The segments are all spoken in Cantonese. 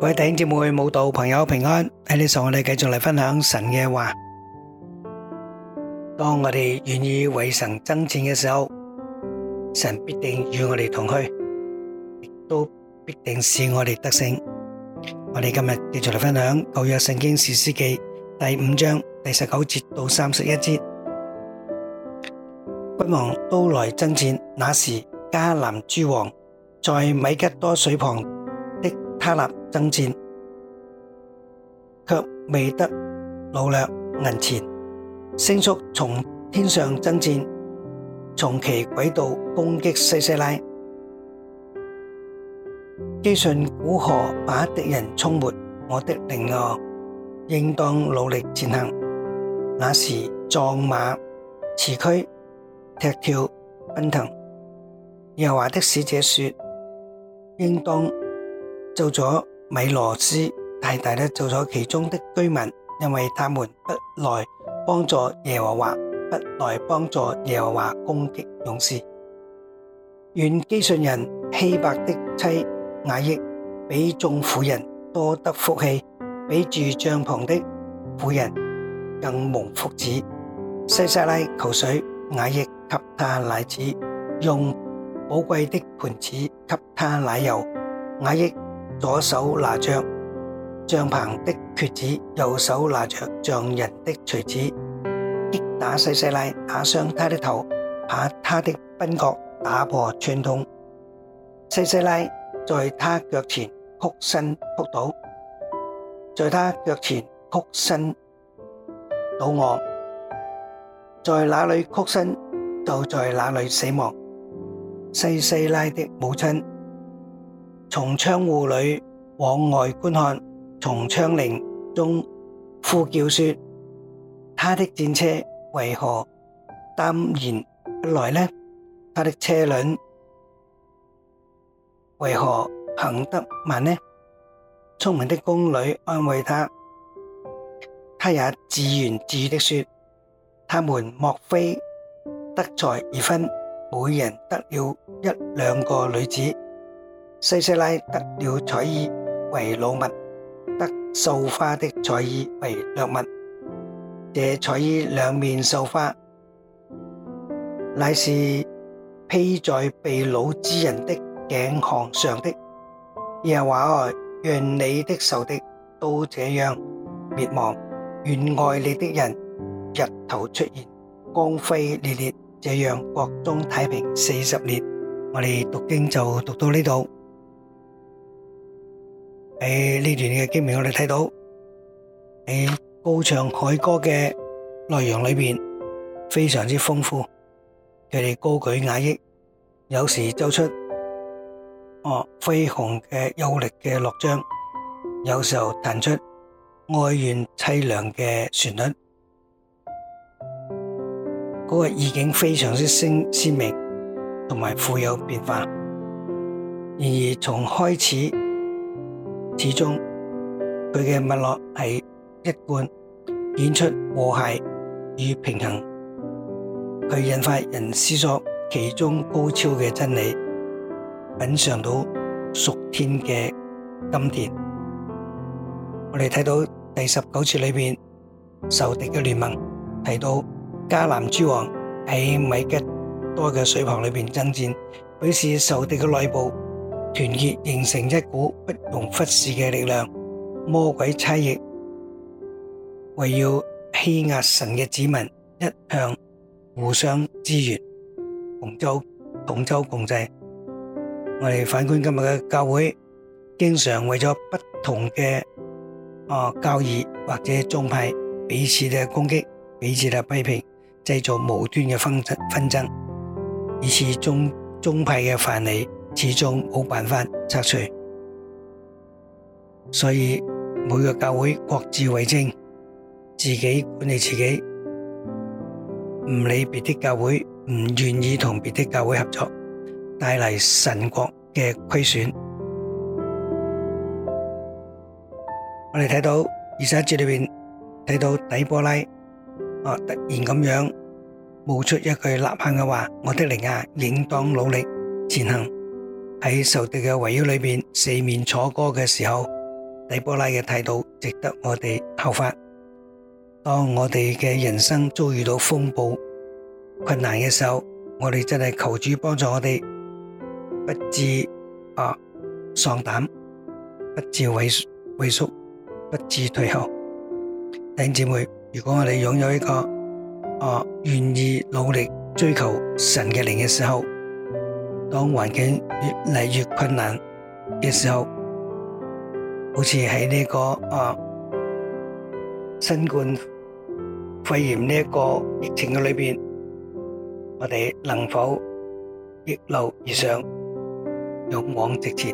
各位弟兄姊妹、慕道朋友平安，喺呢度，我哋繼續嚟分享神嘅話。當我哋願意為神爭戰嘅時候，神必定與我哋同去，亦都必定使我哋得勝。我哋今日繼續嚟分享舊約聖經士師記第五章第十九節到三十一節。君王都來爭戰，那時迦南諸王在米吉多水旁的他立。征戰卻未得擄掠銀錢，星宿從天上征戰，從其軌道攻擊西西拉，基順古河把敵人沖沒，我的靈哦，應當努力前行。那時壯馬馳驅，踢跳奔騰，耶和華的使者說：應當做咗。米羅斯大大地做咗其中的居民，因為他們不來幫助耶和華，不來幫助耶和華攻擊勇士。願基順人希伯的妻雅億比眾婦人多得福氣，比住帳篷的婦人更蒙福祉。西撒拉求水，雅億給他奶子，用寶貴的盤子給他奶油，雅億。左手拿着帳篷的橛子，右手拿着匠人的錘子，擊打西西拉，打傷他的頭，把他的鬢角打破穿通。西西拉在他腳前曲身仆倒，在他腳前曲身倒臥，在那裏曲身就在那裏死亡。西西拉的母親。從窗戶裏往外觀看，從窗棂中呼叫說：他的戰車為何耽延不來呢？他的車輪為何行得慢呢？聰明的宮女安慰他，他也自言自語的說：他們莫非得財而分，每人得了一兩個女子？西西拉得了彩衣為老物，得繡花的彩衣為掠物。這彩衣兩面繡花，乃是披在被擄之人的頸項上的。耶和華啊，願你的仇敵都這樣滅亡，願愛你的人日頭出現，光輝烈烈，這樣國中太平四十年。我哋讀經就讀到呢度。喺呢段嘅經文，我哋睇到在高唱凱歌嘅內容裏面非常之豐富，佢哋高舉雅意，有時奏出哦飛鴻嘅有力嘅樂章，有時候彈出哀怨凄涼嘅旋律，嗰個意境非常之鮮鮮明，同埋富有變化。然而從開始。始終佢嘅脈絡係一貫演出和諧與平衡，佢引發人思索其中高超嘅真理，品嘗到屬天嘅甘甜。我哋睇到第十九節裏面，仇敵嘅聯盟提到迦南諸王喺米吉多嘅水旁裏面爭戰，表示仇敵嘅內部。團結形成一股不容忽視嘅力量。魔鬼差役為要欺壓神嘅子民，一向互相支援，同舟同舟共濟。我哋反觀今日嘅教會，經常為咗不同嘅啊教義或者宗派，彼此嘅攻擊，彼此嘅批評，製造無端嘅紛紛爭，以致宗宗派嘅藩籬。始終冇辦法拆除，所以每個教會各自為政，自己管理自己，唔理別的教會，唔願意同別的教會合作，帶嚟神國嘅虧損。我哋睇到二十一節裏邊睇到底波拉，啊，突然咁樣冒出一句吶喊嘅話：我的靈啊，應當努力前行。喺仇敵嘅圍繞裏面，四面楚歌嘅時候，底波拉嘅態度值得我哋效法。當我哋嘅人生遭遇到風暴困難嘅時候，我哋真係求主幫助我哋，不致啊喪膽，不致萎萎縮，不致退後。弟兄姊妹，如果我哋擁有一個啊願意努力追求神嘅靈嘅時候，當環境越嚟越困難嘅時候，好似喺呢個啊新冠肺炎呢一個疫情嘅裏面，我哋能否逆流而上，勇往直前，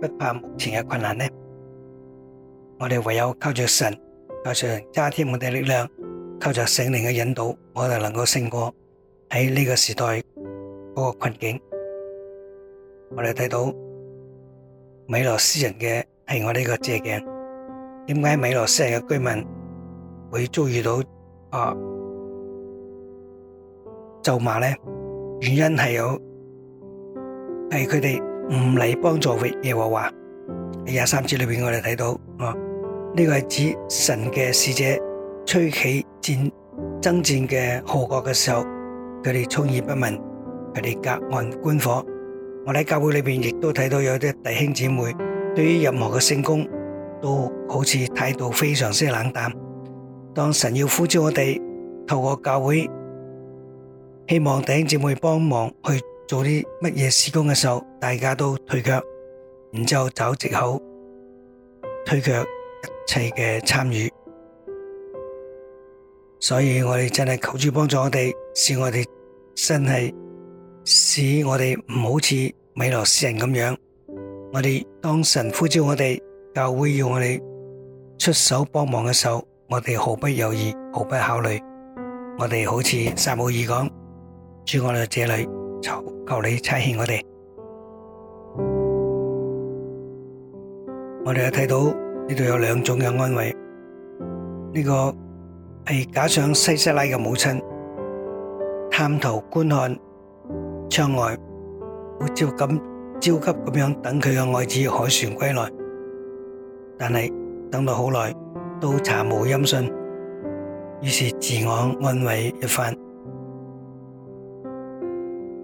不怕目前嘅困難呢？我哋唯有靠住神，靠住加添我哋嘅力量，靠住聖靈嘅引導，我哋能夠勝過喺呢個時代嗰個困境。我哋睇到美羅斯人嘅係我呢個借鏡，點解美羅斯人嘅居民會遭遇到啊咒罵咧？原因係有係佢哋唔嚟幫助為耶和華。廿三節裏面我哋睇到，啊呢、呢個係指神嘅使者吹起戰爭戰嘅號角嘅時候，佢哋充耳不聞，佢哋隔岸觀火。我喺教會裏邊亦都睇到有啲弟兄姊妹對於任何嘅聖工，都好似態度非常之冷淡。當神要呼召我哋透過教會，希望弟兄姊妹幫忙去做啲乜嘢事工嘅時候，大家都退卻，然之後找藉口退卻一切嘅參與。所以我哋真係求主幫助我哋，使我哋真係。使我哋唔好似米羅斯人咁樣，我哋當神呼召我哋教會要我哋出手幫忙嘅時候，我哋毫不猶豫、毫不考慮，我哋好似撒母耳講：主我哋這裏，求求你差遣我哋。我哋又睇到呢度有兩種嘅安慰，呢、這個係假想西西拉嘅母親探頭觀看。窗外好焦急、焦急咁樣等佢嘅愛子凱旋歸來，但係等到好耐都查無音訊，於是自我安慰一番。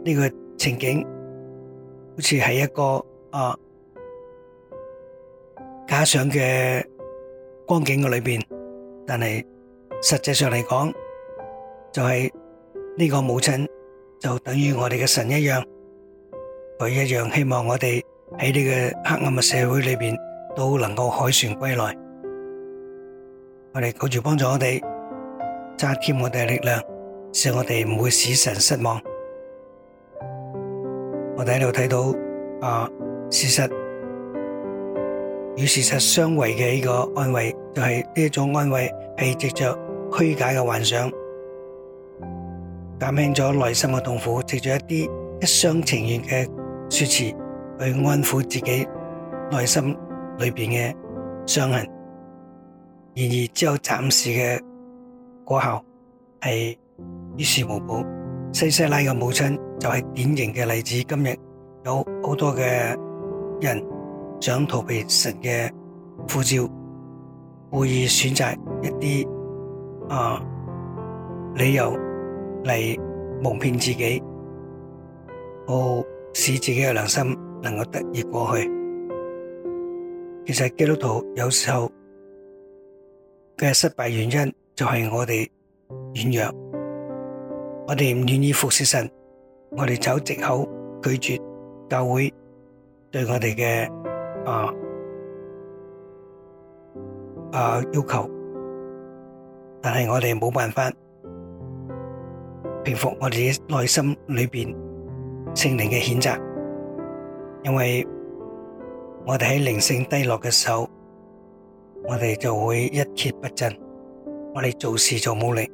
呢個情景好似喺一個啊假想嘅光景嘅裏邊，但係實際上嚟講就係呢個母親。就等於我哋嘅神一樣，佢一樣希望我哋喺呢個黑暗嘅社會裏邊都能夠凱旋歸來。我哋拒絕幫助我哋，增添我哋嘅力量，使我哋唔會使神失望。我哋喺度睇到啊，事實與事實相違嘅呢個安慰，就係呢一種安慰係藉着虛假嘅幻想。減輕咗內心嘅痛苦，藉住一啲一廂情願嘅說辭去安撫自己內心裏面嘅傷痕，然而只有暫時嘅果效，係：於事無補。西西拉嘅母親就係典型嘅例子。今日有好多嘅人想逃避神嘅呼召，故意選擇一啲啊、呃、理由，嚟蒙騙自己，好使自己嘅良心能夠得以過去。其實基督徒有時候嘅失敗原因就係我哋軟弱，我哋唔願意服侍神，我哋找藉口拒絕教會對我哋嘅啊啊要求，但係我哋冇辦法。平復我哋嘅內心裏邊聖靈嘅譴責，因為我哋喺靈性低落嘅時候，我哋就會一蹶不振，我哋做事就冇力，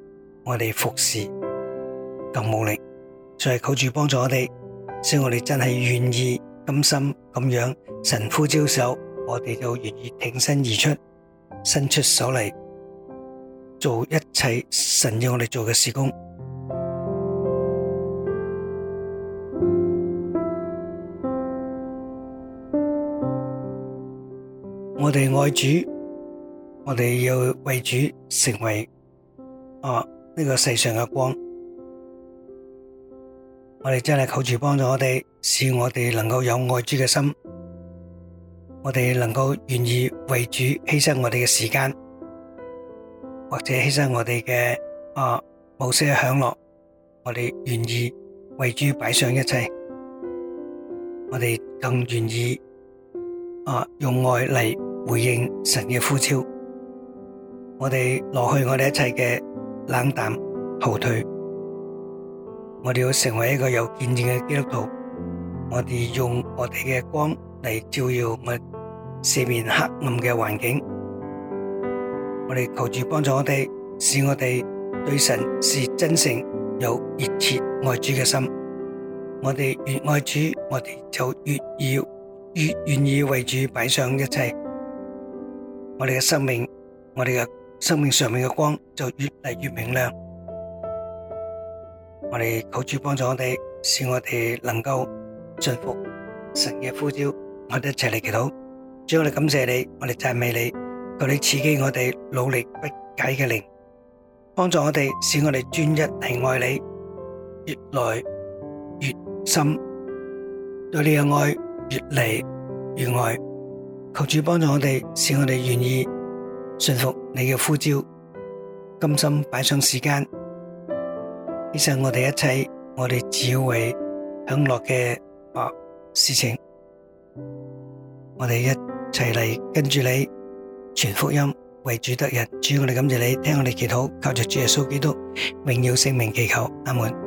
我哋服侍更冇力，就係靠住幫助我哋。所以我哋真係願意甘心咁樣神呼招手，我哋就願意挺身而出，伸出手嚟，做一切神要我哋做嘅事工。我哋愛主，我哋要為主成為啊呢個世上嘅光。我哋真係求主幫助我哋，使我哋能夠有愛主嘅心，我哋能夠願意為主犧牲我哋嘅時間，或者犧牲我哋嘅啊某些享樂，我哋願意為主擺上一切，我哋更願意啊用愛嚟。回應神嘅呼召，我哋落去我哋一切嘅冷淡後退，我哋要成為一個有見證嘅基督徒。我哋用我哋嘅光嚟照耀我哋四面黑暗嘅環境。我哋求主幫助我哋，使我哋對神是真誠、有熱切愛主嘅心。我哋越愛主，我哋就越要越願意為主擺上一切。我哋嘅生命，我哋嘅生命上面嘅光就越嚟越明亮。我哋求主幫助我哋，使我哋能夠信服神嘅呼召。我哋一齊嚟祈禱，主，我哋感謝你，我哋讚美你，求你賜給我哋努力不懈嘅靈，幫助我哋，使我哋專一係愛你，越來越深，對你嘅愛越嚟越愛。求主幫助我哋，使我哋願意順服你嘅呼召，甘心擺上時間，犧牲我哋一切，我哋只要為享樂嘅、啊、事情，我哋一齊嚟跟住你傳福音為主得人，主要我哋感謝你，聽我哋祈禱，靠着主耶穌基督榮耀聖名祈求，阿門。